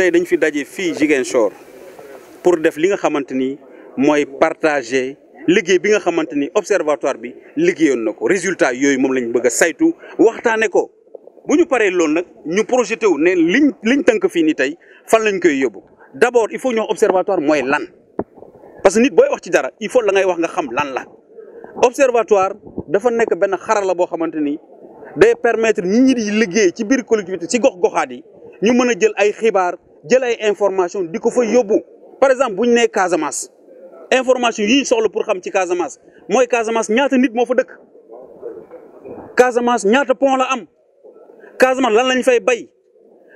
tay dañ fi dajé fi jigen Ziguinchor pour def li nga xamanteni moy partager liguey bi nga xamanteni observatoire bi liggéeyoon na ko résultat yoy mom lañ bëgg saytu waxtané ko buñu paré paree nak ñu projeté wu né liñ liñ tënk fi ni tay fan lañ koy yobbu d'abord il faut ñu observatoire moy lan parce que nit boy wax ci dara il faut la ngay wax nga xam lan la observatoire dafa nek ben xarala boo xamante ni day permettre nit ñi di liggéey ci biir collectivité ci gox goxaat ñu mëna jël ay xibaar jël ay information di ko fa yóbbu par exemple buñ ñu Casamance information yi ñu soxla pour xam ci Casamance mooy Casamance ñaata nit moo fa dëkk Casamance ñaata pont la am Casamance lan lañ fay bay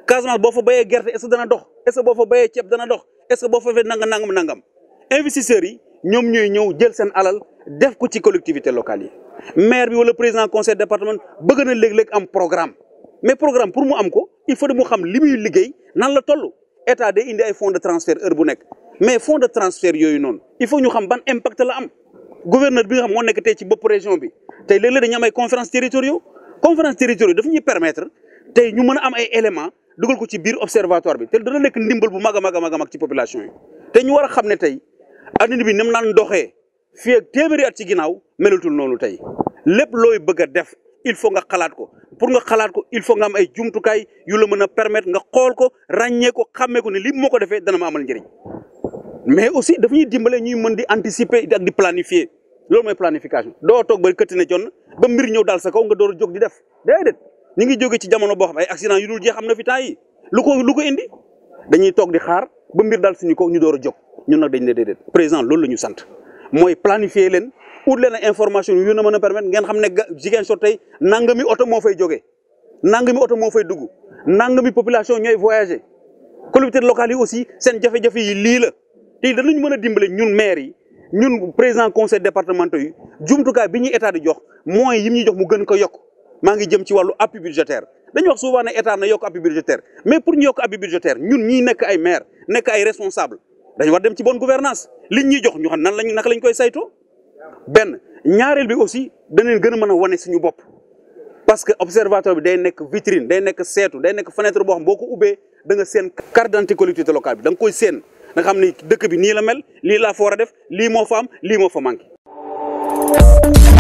Casamance boo fa bayee gerte est-ce dana dox est-ce que boo fa bayee ceeb dana dox est-ce que boo fa fee nangam nangam nangam investisseurs yi ñoom ñooy ñëw jël seen alal def ko ci collectivité locale yi maire bi wala président conseil département bëgg na léeg-léeg am programme mais programme pour mu am ko il faut mu xam li muy liggéey. nan la toll état day indi ay fonds de transfert heure bu nekk mais fonds de transfert yooyu noonu il faut ñu xam ban impact la am gouverneur bi nga xam moo nekk tey ci bopp région bi tey léeg-léeg am ay conférences territoriaux conférences territoriaux daf ñuy permettre tey ñu mën a am ay éléments dugal ko ci biir observatoire bi te dana nekk ndimbal bu mag a mag a mag ci population yi te ñu war a xam ne tey adduna bi ni mu naan doxee fii ak téeméeri at ci ginnaaw melatul noonu tey lépp looy bëgg a def il faut nga xalaat ko. pour nga xalaat ko il faut nga am ay jumtukaay yu la mën a permettre nga xool ko ràññee ko xàmmee ko ne lii moo ko defee dana ma amal njëriñ mais aussi daf ñuy dimbale ñuy mën di anticiper ak di planifier loolu mooy planification doo toog ba këtti ne jonn mbir ñëw daal sa kaw nga door a jóg di def déedéet ñu ngi jóge ci jamono boo xam ay accident yu dul jeex na fi lu ko lu ko indi dañuy toog di xaar mbir daal suñu kaw ñu door a jóg ñun nag dañ ne déedéet président loolu la ñu sant mooy planifier leen les les information yu ñu pas permettre ngeen nous ne jigéen nangami nangami nangami population voyager collectivités locales aussi c'est un jafé yi la dañu ñun maire yi conseil départemental, yi état di jox yi jox gën ko faire appui budgétaire wax souvent état na appui budgétaire mais pour ñu appui budgétaire nous faire des maire n'est ay responsable dañu bonne gouvernance jox ñu nous benn ñaareel bi aussi danañ gën a mën a wane suñu bopp parce que observatoire bi day nekk vitrine day nekk seetu day nekk fenêtre boo xam boo ko ubbee da nga seen carte d'identité collectivité locale bi da nga koy seen da nga xam ni dëkk bi nii la mel lii la fa a def lii moo fa am lii moo fa manqué